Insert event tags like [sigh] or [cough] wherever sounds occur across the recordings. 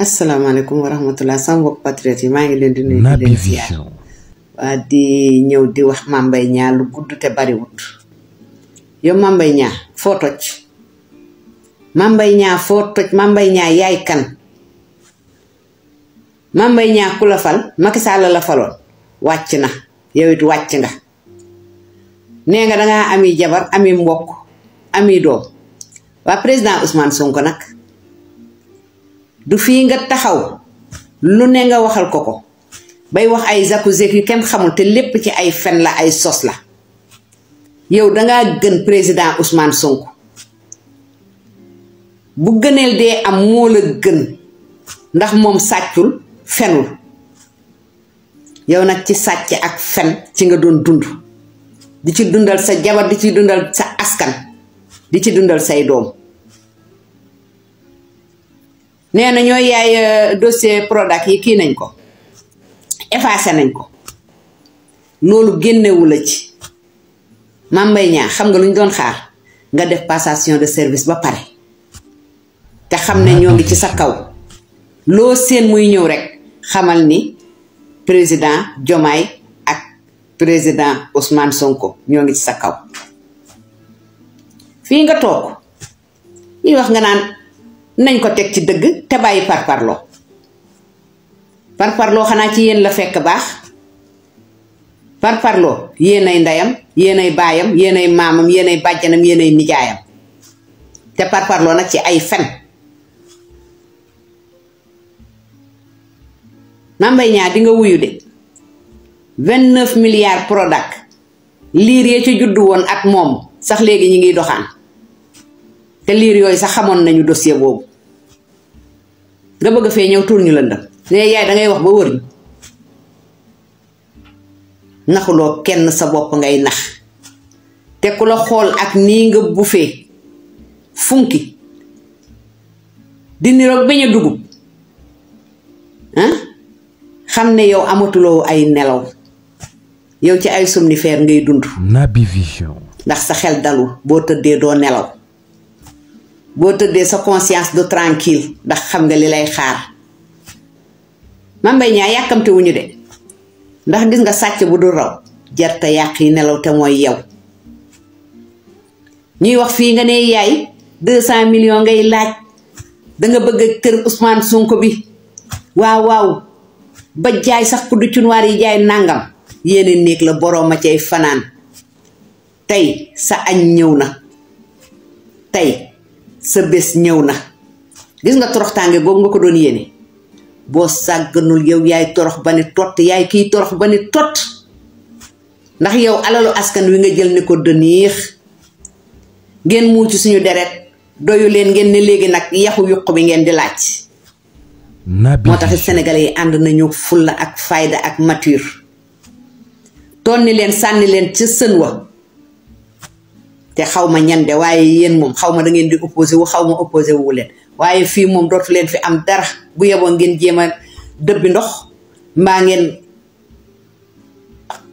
Assalamualaikum warahmatullahi wabarakatuh. sambok patriote ma ngi len di nuyu di len ziar wa di ñew di wax mambay ñaa lu gudd te bariwut nya mambay ñaa foo toj mambay ñaa foo toj mbay ñaa yaay kan mambay ñaa fal Macky Sall la falon wacc na yow it wacc nga ne nga nga ami jabar ami mbokk ami doom wa président Ousmane Sonko nak du fii nga taxaw lu ne nga waxal ko ko bay wax ay zakuzek yu kenn xamul te lépp ci ay fen la ay sos la yow dangaa gën président Ousmane Sonko bu gëneel dee am moo la gën ndax moom sàccul fenul yow nag ci sàcc ak fen ci nga doon dund di ci dundal sa jabar di ci dundal sa askan di ci dundal say doom nee na ñooy yaay euh, dossier Prodac yi kii nañ ko effacé nañ ko loolu génnewu la ci Mame Mbaye xam nga lu ñu doon xaar nga def passation de service ba pare te xam ne ñoo ngi ci sa kaw loo seen muy ñëw rek xamal ni président jomaay ak président Ousmane Sonko ñoo ngi ci sa kaw fii nga toog ñuy wax nga naan nañ ko teg ci dëgg te bàyyi parparloo parparloo xanaa ci yéen la fekk baax parparloo yéen ay ndeyam yéen ay baayam yéen ay maamam yéen ay bàjjanam yéen ay nijaayam te parparloo nag ci ay fen mambay ñaa nga wuyu de vingt-neuf milliards liir yee ci juddu woon ak moom sax léegi ñi ngiy doxaan te liir yooyu sax xamoon nañu dossier boobu nga bëgg fee ñëw tuur ñu lëndam ne yaay da ngay wax ba wër naxuloo kenn sa bopp ngay nax te ku la xool ak nii nga bufee funki di niroog bañ dugub xam ne yow amatuloo ay nelaw yow ci ay somnifère ngay dund. Naby Vision. ndax sa xel dalul boo tëddee doo nelaw. boo tëddee sa conscience du tranquille ndax xam nga li lay xaar mambay ñaa yàkkamte de ndax gis nga sàcc bu dul raw jarte yàq yi nelaw te mooy yow ñuy wax fii nga ne yaay deux cent million ngay laaj danga bëgg kër Ousmane Sonko bi waaw waaw ba jaay sax ku du cunwaar yi jaay nàngam yéene néeg la boroom a cay fanaan tey sa añ ñëw na tey sa bés ñëw na gis nga toroxtaange googu nga ko doon yéene boo sàgganul yow yaay torox ba ne tot yaay kii torox ba ne tot ndax yow alalu askan wi nga jël ni ko dëniix ngeen muucu suñu deret doyu leen ngeen ne léegi nag yaxu yuq bi ngeen di laaj moo tax sénégalais yi ànd nañu fulla ak fayda ak mature toon ni leen sànni leen ca sën wa te xaw ma ñan de waaye yéen moom xaw ma da di opposé wu xaw ma opposé wu leen waaye fii moom dootu leen fi am dara bu yeboon ngeen jéem a dëbbi ndox mbaa ngeen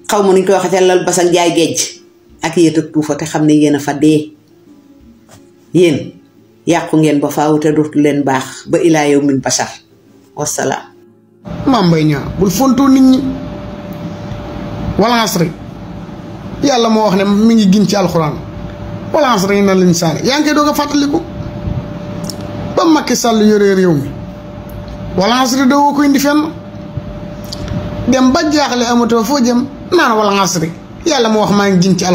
xaw ma nuñ koy waxatee lal basang jaay géej ak ak tuufa te xam ne yéen a fa dee yéen ngeen ba faaw te leen baax ba ilaa yow min basar wasalaam. maam Mbaye ñaa bul fontoo nit ñi wala asri yàlla moo wax ne mi ngi gin ci alxuraan. wala na lin saan yaa ngi doga fataliku ba makki Sall yore rew mi balance do ko indi fenn dem ba jaxle amatoo fo jëm nan wala ngasri yalla mo wax ma ngi ci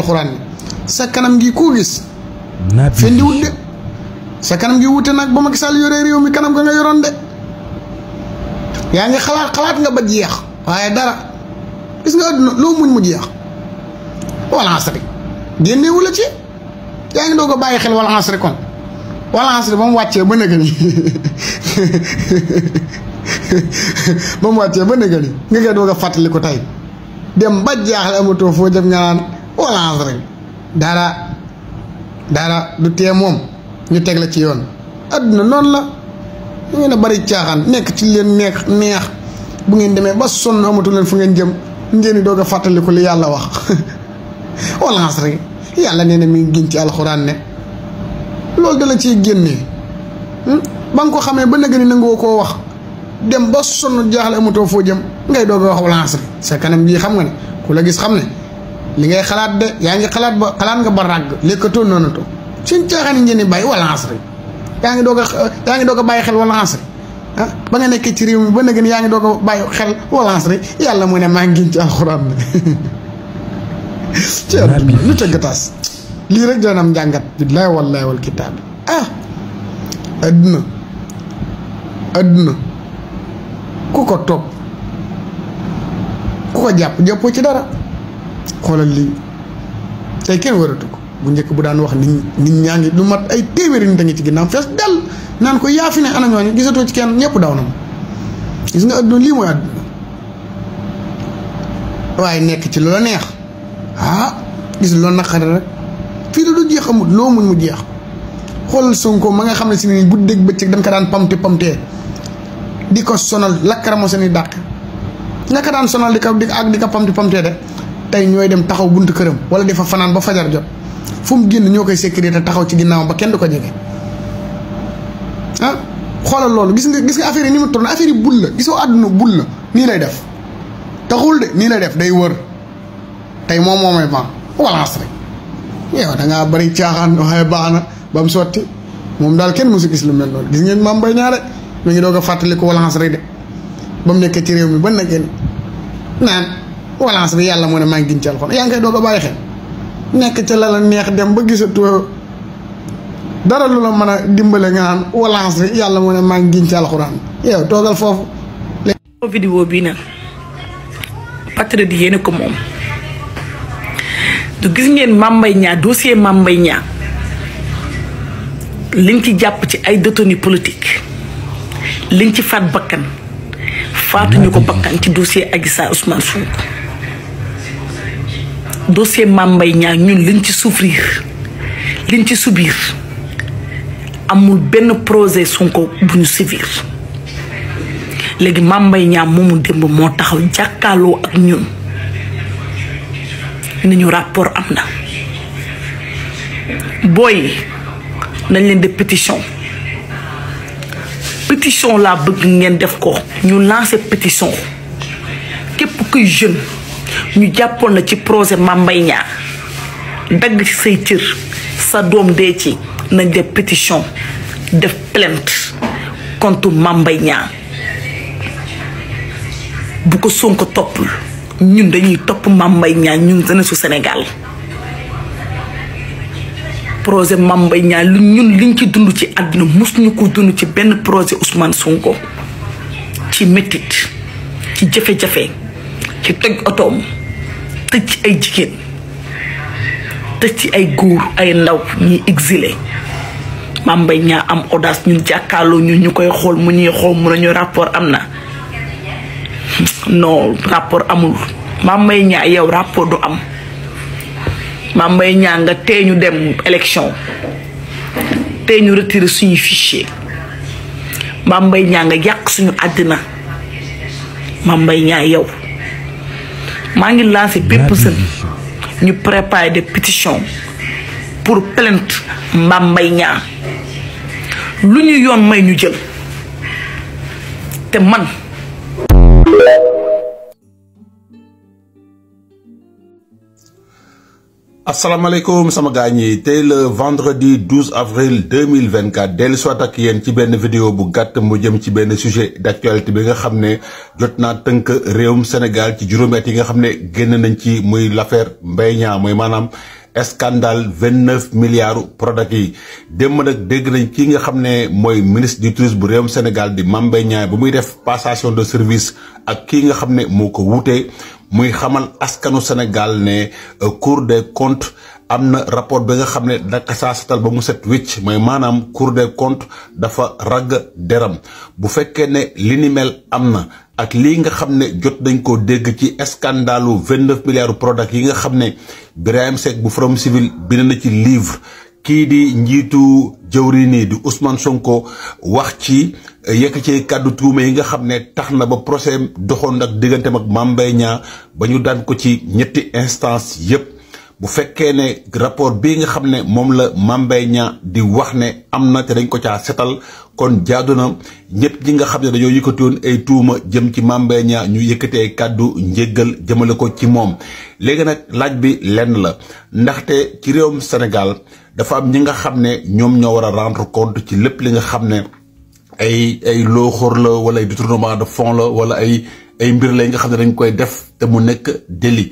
sa kanam gi ko gis. fendi wut de sa kanam gi wute nak ba makki Sall yore rew mi kanam ga nga yoron de yaa ngi xalaat xalaat nga ba jeex waye dara gis nga lo muñ mu jeex wala asri ci. yaa ngi doo ko bàyyi xel wal asri kon wal asri ba wàccee ba nëgë ni mu wàccee ba nëgë ni [laughs] nga koy doog a fàttali ko tey dem ba jaaxle amatoo foo jëm nga naan wal asri dara dara du tee moom ñu teg la ci yoon adduna noonu la ñu ngeen a bari caaxaan nekk ci leen neex neex bu ngeen demee ba sonn amatu leen fu ngeen jëm ngeen doo doog a fàttaliku li yàlla wax [laughs] wal asri yàlla nee na mi ngi giñ ci alxuraan ne loolu dala ciy génnee hmm? ba nga ko xamee ba nag ni nangoo koo wax dem ba sonn jaaxle amatoo foo jëm ngay doog a wax wala asri sa kanam bii xam nga ne ku la gis xam ne li ngay xalaat de yaa ngi xalaat ba xalaat nga ba ràgg lekkatoo noonatoo suñ caaxaan yi ngeen di bàyyi wala asri yaa ngi doog a yaa ngi doog bàyyi xel wala asri ah, ba nga nekkee ci réew mi ba nag ni yaa ngi doog a bàyyi xel wala asri yàlla moo ne maa ngi giñ ci alxuraan ne [laughs] ci lu gataas lii rek dana am njàngat billaay wal kitab ah adna adna ku ko topp ku ko jàpp jàppoo ci dara xolal li tay ken waratu ko bu njëkk bu daan wax ni nit ñangi lu mat ay eh, téwéri ni da nga ci ginnam fess dal nan ko yaa fi ne ana ñooñu gisato ci ken ñepp daw na gis nga adna li mooy adna way nek ci lu la neex ah gis lo naqari rek fii la du jeex amul loo muñ mu jeex xool ma nga ni guddeeg bëccëg dañ ko pamte pamte di sonal lakkaramo seen i dàq nga ko daan sonal di ko ak di pamte pamte de tey ñooy dem taxaw buntu këram wala di fa fanaan ba fajar jot fu mu génn sécurité taxaw ci ba kenn ah xoolal loolu gis nga gis nga affaire yi ni mu tourne affaire yi Takulde la gisoo lay def taxul de lay def day wër tey moom moo may ban balance rek yow da ngaa bëri caaxaan waaye baax na ba mu sotti moom daal kenn mësu gis lu mel noonu gis ngeen maam bay ñaare mi ngi doog a ko balance rek de ba mu nekkee ci réew mi ba na génn naan balance bi yàlla moo ne maa gin ci alxuraan yaa ngi koy a la neex dem ba gisatoo dara lu mën a dimbale nga naan balance bi yàlla moo ne maa ngi gin ko moom. du gis ngeen Mame Mbaye Niang dossier Mame Mbaye liñ ci jàpp ci ay détenus politique liñ ci faat bakkan faatuñu ko bakkan ci dossier Adji Sarr Ousmane Sonko dossier Mame Mbaye Niang ñun liñ ci souffrir liñ ci subir amul benn projet Sonko bu ñu sévir léegi Mame moomul Niang démb moo taxaw jàkkaarloo ak ñun ni rapport am na booy nañ leen de pétition pétition laa bëgg ngeen def ko ñu lancer pétition képp kuy jeune ñu jàppoon na ci projet Mame dagg ci say cër sa doom dee ci nañ de pétition def plainte contre Mame bu ko Sonko toppul ñun dañuy top mambay ñaan ñun jeunesse su sénégal projet mambay ñaan lu ñun liñ ci dund ci aduna mus ko dund ci ben projet ousmane sonko ci metit ci jafe-jafe ci tegg atom ci ay jigen ci ay goor ay ndaw ñi exilé mambay ñaan am audace ñun jakkalo ñun ñukoy xol mu ñi xom mu ñu rapport amna non rapport amul Mame Mbaye Niang yow rapport du am Mame Mbaye Niang nga tee ñu dem élection tee ñu retirer suñu fichier Mame Mbaye Niang nga yàq suñu àddina Mame Mbaye Niang yow maa ngi lancé bépp sën ñu préparer des pétitions pour plainte Mame Mbaye lu ñu yoon may ñu jël te man alaikum, sama gaañ yi le vendredi 12 avril 2024 dès soit ak yéen ci benn vidéo bu vidéo, mu jëm ci ben, sujet d'actualité bi nga xam ne jot réewum Sénégal ci juróomeet yi nga xam ne génn nañ ci l'affaire Mbaye Niang mooy scandale vingt neuf milliards Prodac yi démb nag dégg nañ ki nga xam ne mooy ministre du trice bu réewum Sénégal di Mame Mbaye ba muy def passation de service ak kii nga xam ne moo ko wuute muy xamal askanu Sénégal ne euh, Cour des comptes am na rapport bi nga xam ne daka saa satal ba mu set wécc mooy maanaam cour des comptes dafa ragg deram bu fekkee ne li am na ak lii nga xam ne jot dañ ko dégg ci scandalu vingt neuf milliards yi nga xam ne Birahim Seck bu Forum Civil bind na ci livre kii di njiitu jëwri nii di Ousmane Sonko wax ci eh, yekk ci kàddu tuuma yi nga xam ne tax na ba procès doxoon ak diggante ak Mame Mbaye Niang ba ñu daan ko ci ñetti instance yépp bu fekkee ne rapport bii nga xam ne moom la Mame ñaa Niang di wax ne am na te dañ ko caa setal kon jaadu na ñëpp ñi nga xam ne dañoo yëkkatoon ay tuuma jëm ci Mame Mbaye Niang ñu yëkkatee kàddu njéggal jëmale ko ci moom. léegi nag laaj bi lenn la ndaxte ci réewum Sénégal dafa am ñi nga xam ne ñoom ñoo war a rendre compte ci lépp li nga xam ne ay ay looxoor la wala ay détournement de fonds la wala ay ay mbir la yi nga xam ne dañ koy def te mu nekk délit.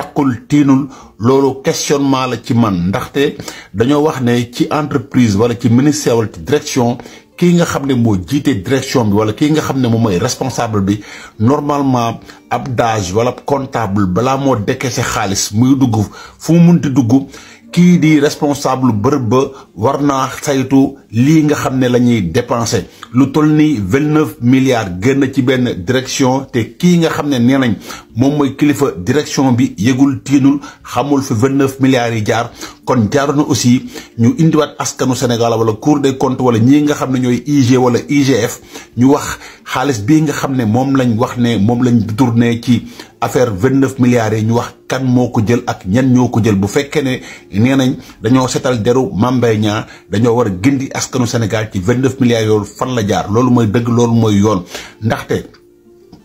takkul tiinul loolu questionnement la ci man ndaxte dañoo wax ne ci entreprise wala ci ministère wala ci direction kii nga xam ne moo jiite direction bi wala kii nga xam ne moom mooy responsable bi normalement ab dage wala comptable balaa moo dekkee sa xaalis muy dugg fu mu munti dugg kii di responsable bërëb ba war naa saytu lii nga xam ne la ñuy dépensé lu toll ni vingt neuf milliards génn ci benn direction te kii nga xam ne nee nañ moom mooy kilifa direction bi yëgul tiinul xamul fi vingt neuf yi jaar kon jaaru na aussi ñu indiwaat askanu Sénégal wala Cour de comptes wala ñii nga xam ne ñooy IG wala IGF ñu wax xaalis bii nga xam ne moom lañ wax ne moom lañ tourné ci affaire vingt neuf milliards yi ñu wax kan moo ko jël ak ñan ñoo ko jël bu fekkee ne nee nañ dañoo setal deru Mame Mbaye Niang dañoo war a gindi askanu Sénégal ci vingt neuf milliards yooyu fan la jaar loolu mooy dëgg loolu mooy yoon ndaxte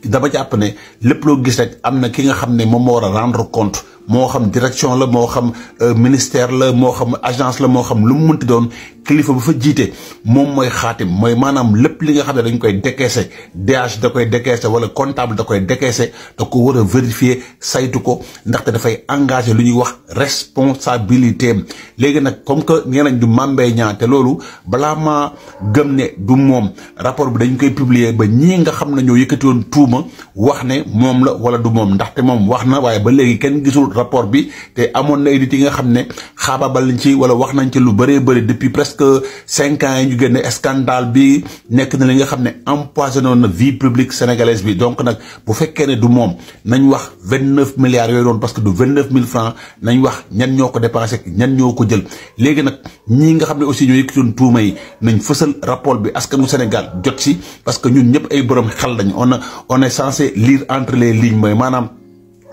dama jàpp ne lépp loo gis rek am na ki nga xam ne moom moo war a rendre compte moo xam direction la moo xam euh, ministère la moo xam agence la moo xam lu mu mënti doon kilifa bu fa jiite moom mooy xaatim mooy maanaam lépp li nga xam ne dañ koy décaissé DH da koy décaissé wala comptable da koy décaissé da ko war a vérifier saytu ko ndaxte dafay engagé lu ñuy wax responsabilité am léegi nag comme que nee nañ du mambay ñaa te loolu balaa maa gëm ne du moom rapport bi dañ koy publier ba ñii nga xam ne ñoo yëkkati woon tuuma wax ne moom la wala du moom ndaxte moom wax na waaye ba léegi kenn gisul rapport bi te amoon na édité yi nga xam ne xaababal ci wala wax nañ ci lu bëree bëri depuis presque que 5 ans ñu gënne scandale bi nek na li nga xamné ne na vie publique sénégalaise bi donc nak bu fekkee né du mom nañ wax 29 milliards yooyu doon parce que du vingt neuf francs nañ wax ñan ñoko ko ñan ñoko jël. légui nak ñi nga xamné aussi ñoy yëkkatoon tuuma yi nañ fessel rapport bi askanu Sénégal jot ci parce que ñun ñëpp ay borom xel lañ on on est censé lire entre les lignes mooy maanaam.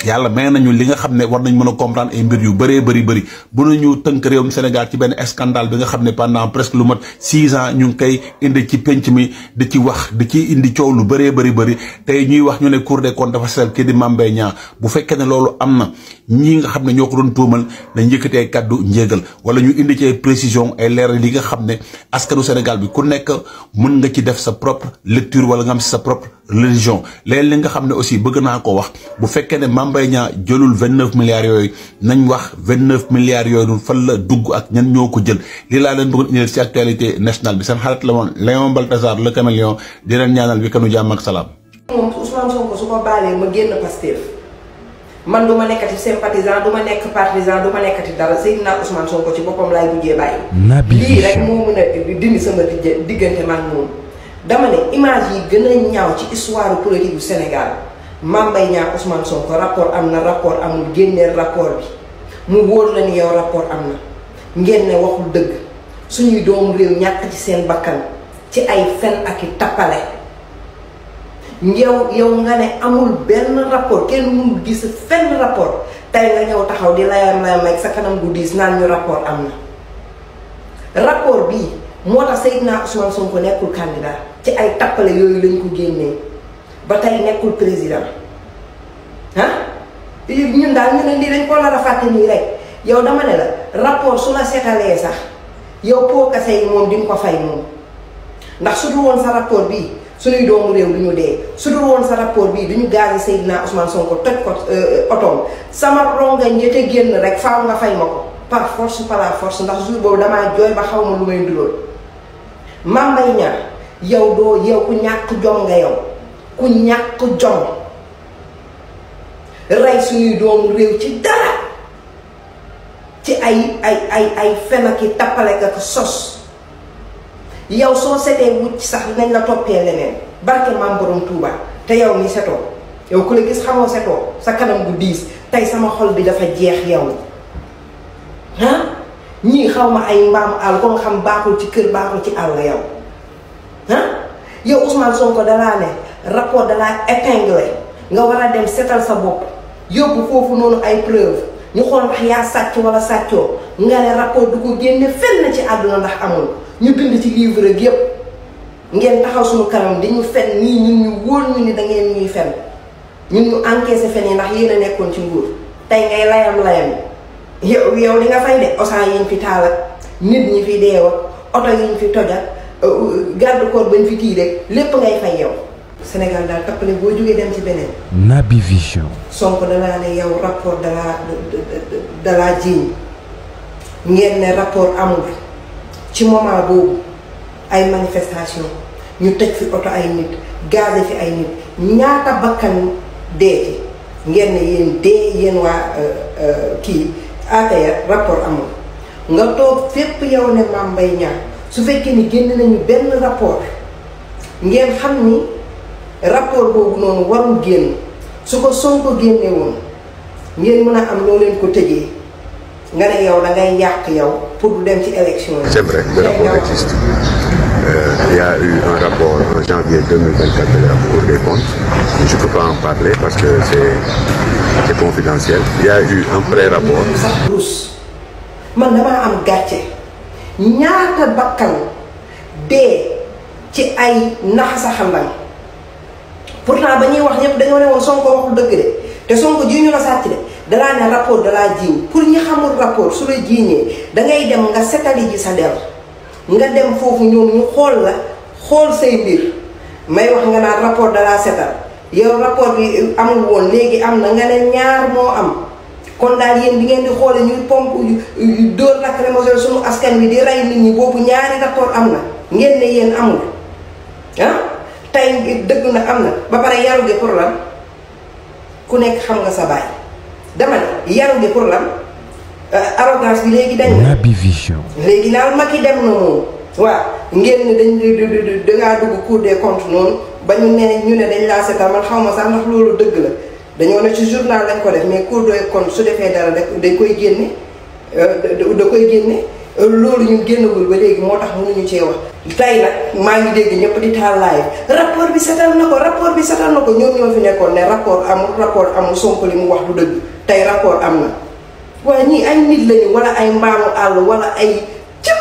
yalla may nañu li nga xam war nañ mëna comprendre ay mbir yu bëree bëri bëri bu ñu teunk réewum Sénégal ci benn scandale bi nga xam pendant presque lu mat 6 ans ñu ngi koy indi ci pench mi di ci wax di ci indi ciow lu bëree bëri bëri tay ñuy wax ñu ne Cour des comptes dafa sel ki di Mame Mbaye bu fekkee ne lolu amna ñi nga xam ñoko doon tuumal dañ yëkkatee kaddu njéegal wala ñu indi ci précision ay leeral li nga xam askanu Sénégal bi ku nekk mën nga ci def sa propre lecture wala nga am sa propre religion lé li nga xam aussi bëgg na ko wax bu fekkee ne Mame Mbaye Niang jëlul vingt neuf milliards yooyu nañ wax vingt neuf milliards yooyu fan la dugg ak ñan ñoo ko jël lii laa leen bëggoon bi seen xarit la woon Léon Baltasar le caméléon di leen ñaanal bi kanu moom Ousmane Sonko su ko baalee ma génn Pastef man du ma nekkati sympathisant du ma nekk partisan du ma nekkati dara Seydina Ousmane Sonko ci boppam laay mujjee bàyyi. lii rek moo mën a dindi sama diggante man moom dama ne image yi gën a ñaaw ci histoire politique bu Sénégal. Mame Mbaye Ousmane Sonko rapport amna rapport amul gender rapport bi mu wor la ni yow rapport amna na ngeen ne waxul deug suñu doom réew ñak ci seen bakkan ci ay fen ak i ñew yow nga ne amul benn rapport kenn mu gis fen rapport tay nga ñew taxaw di layam layam may sa kanam gu dis naan ñu rapport amna na rapport bi motax sayyidna Ousmane Sonko nekul candidat ci ay tappale yoyu lañ ko ba tey nekkul président yi ñun daal ñu ne lii dañ koo nar a fàtte nii rek yow dama ne la rapport su la seetalee sax yow poo kase yi moom di ko fay moom ndax su dul woon sa rapport bii suñuy doomu réew du ñu dee su dul woon bii du ñu gazé Seydina Ousmane Sonko toj ko euh, otoom sama rongañ ñi te génn rek faaw nga fay ma ko par force par la force ndax jour boobu damaa jooy ba xaw ma lu may ndulool Mame Mbaye Niang doo yow ku ñàkk jom nga yow ku ñàkk jom rey suñuy doomu réew ci dara ci ay ay ay ay fen ak i sos yow soo setee wut sax nañ la toppee leneen barke maam borom Touba te yow ni setoo yow ku la gis xamoo setoo sa kanam gu diis tey sama xol bi dafa jeex yow ah ñii xaw ma ay maam àll ko nga xam baaxul ci kër baaxul ci àll yow ah yow Ousmane Sonko dalaa ne rapport da laa nga war a dem setal sa bopp yóbbu foofu noonu ay preuve ñu xool wax yaa sàcc wala sàccoo nga ne rapport du ko génne na ci àdduna ndax amul ñu bind ci livre ak yépp ngeen taxaw suñu kanam di ñu fen nii ñun ñu wóor ñu ni da ngeen ñuy fen ñun ñu encaissé fen yi ndax yéen a nekkoon ci nguur tey ngay layam layam yow yow li nga fay de osaan yiñ fi taal nit ñi fi deew ak oto yiñ fi toj ak euh, euh, garde corps bañ fi kii rek lépp ngay fay yow. Sénégal daal tappale boo jógee dem ci beneen. Naby Vision. sonk danaa ne yow rapport dalaa dalaa jiiñ ngeen ne rapport amul ci moment boobu ay manifestation ñu taj fi oto ay nit gazé fi ay nit ñaata bakkan dee ci ngeen ne yéen dee yéen waa euh, euh, kii APR rapport amul nga toog fépp yow ne Mame Mbaye Niang su fekkee ni génn nañu benn rapport ngeen xam ni. rapport pour c'est vrai le rapport existe. Euh, il y a eu un rapport en janvier 2024 de la Cour des comptes. Je ne peux pas en parler parce que c'est confidentiel. Il y a eu un pré-rapport. pourtant ba ñuy wax ñëpp dañoo ne woon Sonko waxul dëgg de te Sonko ji ñu la sàcc de dalaa ne rapport dalaa jiiñ pour ñi xamul rapport su la jiiñee da ngay dem nga setali ji sa der nga dem foofu ñoom ñu xool la xool say mbir may wax nga naan rapport dalaa setal yow rapport bi amul woon léegi am na nga ne ñaar moo am kon daal yéen di ngeen di xoole ñu pompe dóor lacrymogène suñu askan wi di rey nit ñi boobu ñaari rapport am na ngeen ne yéen amul ah tey ngir dëgg na am na ba pare yaru gi pour lan ku nekk xam nga sa baay dama ne yaru gi pour lan euh, arrogance bi léegi dañ na léegi naal mag yi dem na moom waaw ngeen dañ dangaa dugg Cour des comptes noonu ba ñu ne ñu ne dañ laa seetaan man xaw ma sax ndax loolu dëgg la dañoo ne ci journal lañ ko def mais Cour des comptes su defee dara da day koy génne euh, da koy génne loolu ñu génnagul ba léegi moo tax ñu cee wax tey nag maa ngi dégg ñëpp di taal laay rapport bi setal na ko rapport bi setal na ko ñoom ñoo fi nekkoon ne rapport amul rapport amul Sonko li mu wax du dëgg tey rapport am na waaye ñii ay nit lañu wala ay mbaamu àll wala ay cëm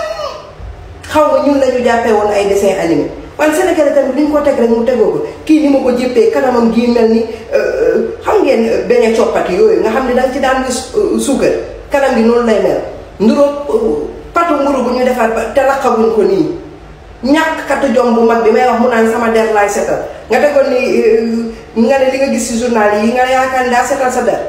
xaw ma ñun lañu jàppee woon ay dessin animé waaye Sénégalais tamit li ñu ko teg rek mu tegoo ko kii ni moo ko jëppee kanamam gii mel ni euh, euh, xam ngeen euh, benn coppati yooyu nga xam ne danga ci daan gis suukar kanam gi noonu lay mel nduróog patu mburu bu ñu defar te laqawuñ ko nii ñàkk katu jom mag bi may wax mu naan sama der laay setal nga def ko ni euh, nga ne li nga gis ci journal yi nga ne yaakaar ni daa setal sa der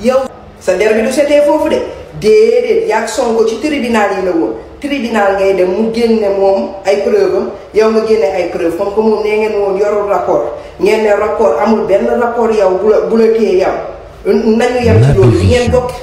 yow sa der bi du setee foofu de déedéet yaag Sonko ci tribunal yi la woon tribunal ngay dem mu génne moom ay preuve am yow nga génne ay preuve comme que moom nee ngeen woon yorul rapport ngeen ne rapport amul benn rapport yow bu la bu la téye yow nañu yem ci loolu di ngeen dokk